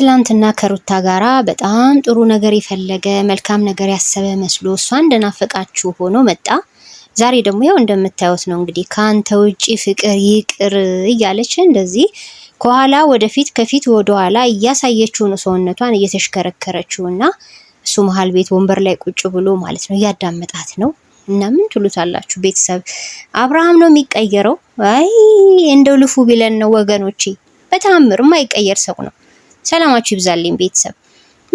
ትላንትና ከሩታ ጋራ በጣም ጥሩ ነገር የፈለገ መልካም ነገር ያሰበ መስሎ እሷ እንደናፈቃችሁ ሆኖ መጣ። ዛሬ ደግሞ ያው እንደምታዩት ነው እንግዲህ ከአንተ ውጪ ፍቅር ይቅር እያለች እንደዚህ ከኋላ ወደፊት ከፊት ወደኋላ እያሳየችው ነው ሰውነቷን እየተሽከረከረችው እና እሱ መሀል ቤት ወንበር ላይ ቁጭ ብሎ ማለት ነው እያዳመጣት ነው። እና ምን ትሉታላችሁ ቤተሰብ? አብርሃም ነው የሚቀየረው? አይ እንደው ልፉ ቢለን ነው ወገኖቼ፣ በተአምር የማይቀየር ሰው ነው። ሰላማችሁ ይብዛልኝ ቤተሰብ።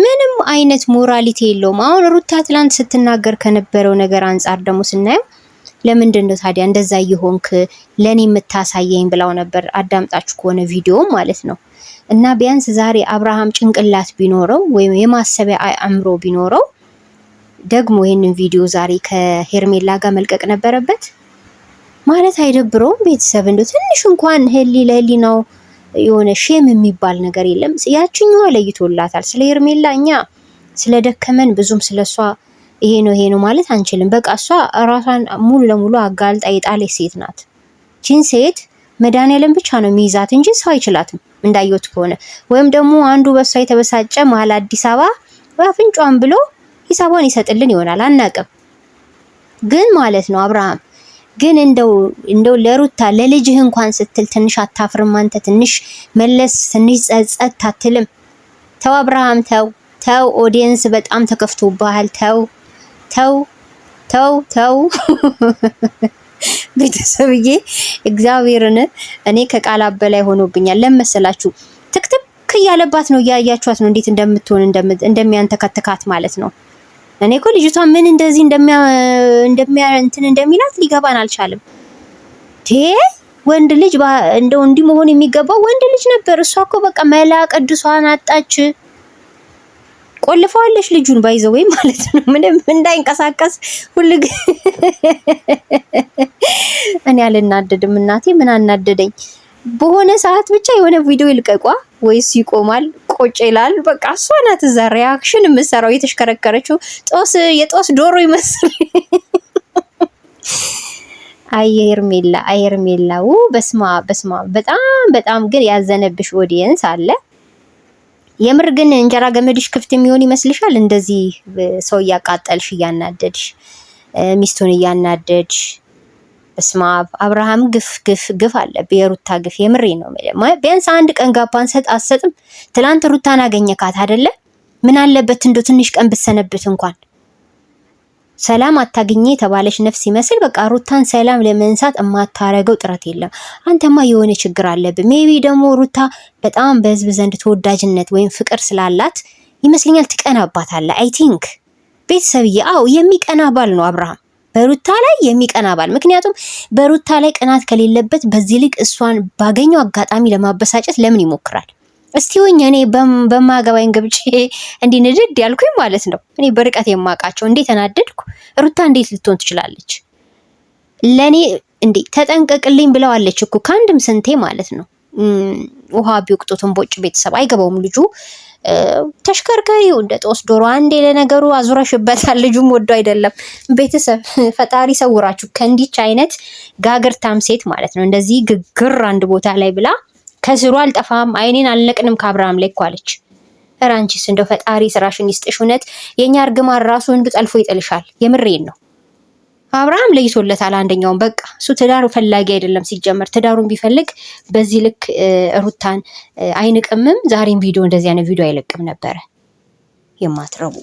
ምንም አይነት ሞራሊቲ የለውም። አሁን ሩታ ትላንት ስትናገር ከነበረው ነገር አንጻር ደግሞ ስናየው ለምንድን ነው ታዲያ እንደዛ እየሆንክ ለኔ የምታሳየኝ ብላው ነበር። አዳምጣችሁ ከሆነ ቪዲዮ ማለት ነው። እና ቢያንስ ዛሬ አብርሃም ጭንቅላት ቢኖረው ወይም የማሰቢያ አእምሮ ቢኖረው ደግሞ ይህንን ቪዲዮ ዛሬ ከሄርሜላ ጋር መልቀቅ ነበረበት ማለት አይደብረውም? ቤተሰብ እንደው ትንሽ እንኳን ህሊ ለህሊ ነው የሆነ ሼም የሚባል ነገር የለም። ያችኛዋ ለይቶላታል። ስለ ሄርሜላ እኛ ስለደከመን ብዙም ስለሷ ይሄ ነው ይሄ ነው ማለት አንችልም። በቃ እሷ ራሷን ሙሉ ለሙሉ አጋልጣ የጣለች ሴት ናት። ቺን ሴት መድኃኒዓለም ብቻ ነው የሚይዛት እንጂ ሰው አይችላትም። እንዳየሁት ከሆነ ወይም ደግሞ አንዱ በሷ የተበሳጨ መሀል አዲስ አበባ በአፍንጫዋን ብሎ ሂሳቧን ይሰጥልን ይሆናል፣ አናቅም ግን ማለት ነው አብርሃም ግን እንደው እንደው ለሩታ ለልጅህ እንኳን ስትል ትንሽ አታፍርም? አንተ ትንሽ መለስ ትንሽ ጸጸት አትልም? ተው አብርሃም ተው ተው። ኦዲየንስ በጣም ተከፍቶብሃል። ተው ተው ተው ተው። ቤተሰብዬ እግዚአብሔርን እኔ ከቃላ በላይ ሆኖብኛል። ለመሰላችሁ ትክትክ እያለባት ነው እያያችኋት ነው እንዴት እንደምትሆን እንደሚያንተከትካት ማለት ነው። እኔ እኮ ልጅቷ ምን እንደዚህ እንደሚያ እንደሚያ እንትን እንደሚላት ሊገባን አልቻለም። ቴ ወንድ ልጅ እንደው እንዲህ መሆን የሚገባው ወንድ ልጅ ነበር። እሷ እኮ በቃ መላ ቅዱሷን አጣች። ቆልፈዋለች ልጁን ባይዘው ወይም ማለት ነው። ምንም እንዳይንቀሳቀስ ሁሉ እኔ አልናደድም። እናቴ ምን አናደደኝ? በሆነ ሰዓት ብቻ የሆነ ቪዲዮ ይልቀቋ ወይስ ይቆማል? ቆጭ ይላል። በቃ እሷ ናት እዛ ሪያክሽን የምትሰራው እየተሽከረከረችው ጦስ የጦስ ዶሮ ይመስል አየር ሜላ አየር ሜላው በስማ በስማ በጣም በጣም ግን ያዘነብሽ ኦዲየንስ አለ። የምር ግን እንጀራ ገመድሽ ክፍት የሚሆን ይመስልሻል? እንደዚህ ሰው እያቃጠልሽ እያናደድሽ ሚስቱን እያናደድሽ በስመ አብ አብርሃም ግፍ ግፍ ግፍ አለብህ። የሩታ ግፍ የምሬ ነው። ቢያንስ አንድ ቀን ጋባን ሰጥ አሰጥም። ትላንት ሩታን አገኘካት አይደለ? ምን አለበት እንዶ ትንሽ ቀን ብትሰነብት እንኳን ሰላም አታገኘ የተባለች ነፍስ ይመስል በቃ ሩታን ሰላም ለመንሳት የማታረገው ጥረት የለም። አንተማ የሆነ ችግር አለብህ። ሜቢ ደግሞ ሩታ በጣም በህዝብ ዘንድ ተወዳጅነት ወይም ፍቅር ስላላት ይመስለኛል ትቀናባታለህ። አይ ቲንክ ቤተሰብዬ፣ አዎ የሚቀና ባል ነው አብርሃም በሩታ ላይ የሚቀና ባል። ምክንያቱም በሩታ ላይ ቅናት ከሌለበት በዚህ ልቅ እሷን ባገኘው አጋጣሚ ለማበሳጨት ለምን ይሞክራል? እስቲውኝ እኔ በማገባኝ ገብቼ እንዲህ ንድድ ያልኩኝ ማለት ነው። እኔ በርቀት የማውቃቸው እንዴት ተናደድኩ። ሩታ እንዴት ልትሆን ትችላለች? ለእኔ እንዴ ተጠንቀቅልኝ ብለዋለች እኮ ከአንድም ስንቴ ማለት ነው። ውሃ ቢወቅጡት እንቦጭ ቤተሰብ አይገባውም ልጁ። ተሽከርካሪው እንደ ጦስ ዶሮ አንዴ ለነገሩ አዙረሽበታል። ልጁም ወዶ አይደለም። ቤተሰብ ፈጣሪ ሰውራችሁ ከእንዲች አይነት ጋግርታም ሴት ማለት ነው። እንደዚህ ግግር አንድ ቦታ ላይ ብላ ከስሩ አልጠፋም አይኔን አልነቅንም ከአብርሃም ላይ እኮ አለች። ራንቺስ እንደው ፈጣሪ ስራሽን ይስጥሽ። እውነት የእኛ እርግማን ራሱ እንዱ ጠልፎ ይጥልሻል። የምሬን ነው። አብርሃም ለይቶለታል አንደኛውን። በቃ እሱ ትዳር ፈላጊ አይደለም ሲጀመር። ትዳሩን ቢፈልግ በዚህ ልክ ሩታን አይንቅምም። ዛሬም ቪዲዮ እንደዚህ አይነት ቪዲዮ አይለቅም ነበረ። የማትረቡ